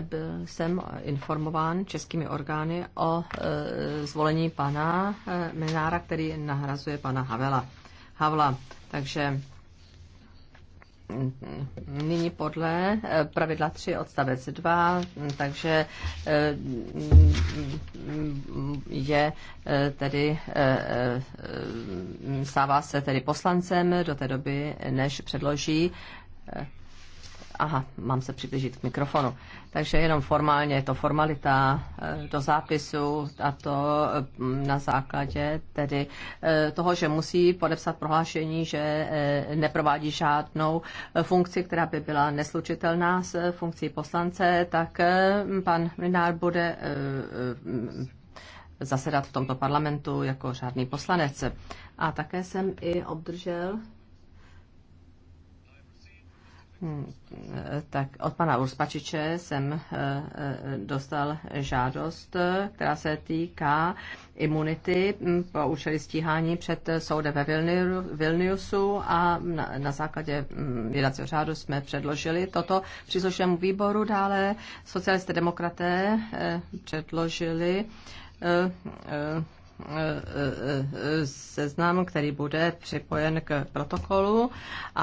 byl jsem informován českými orgány o e, zvolení pana e, Menára, který nahrazuje pana Havela. Havla. Takže mm, nyní podle e, pravidla 3 odstavec 2, mm, takže mm, je tedy stává se tedy poslancem do té doby, než předloží Aha, mám se přiblížit k mikrofonu. Takže jenom formálně je to formalita eh, do zápisu a to mm, na základě tedy eh, toho, že musí podepsat prohlášení, že eh, neprovádí žádnou funkci, která by byla neslučitelná s funkcí poslance, tak pan Minár bude zasedat v tomto parlamentu jako řádný poslanec. A také jsem i obdržel Hmm, tak od pana Urspačiče jsem eh, eh, dostal žádost, eh, která se týká imunity hm, po účely stíhání před soudem ve Vilniusu a na, na základě hm, jednacího řádu jsme předložili toto příslušnému výboru. Dále socialisté demokraté předložili seznam, který bude připojen k protokolu.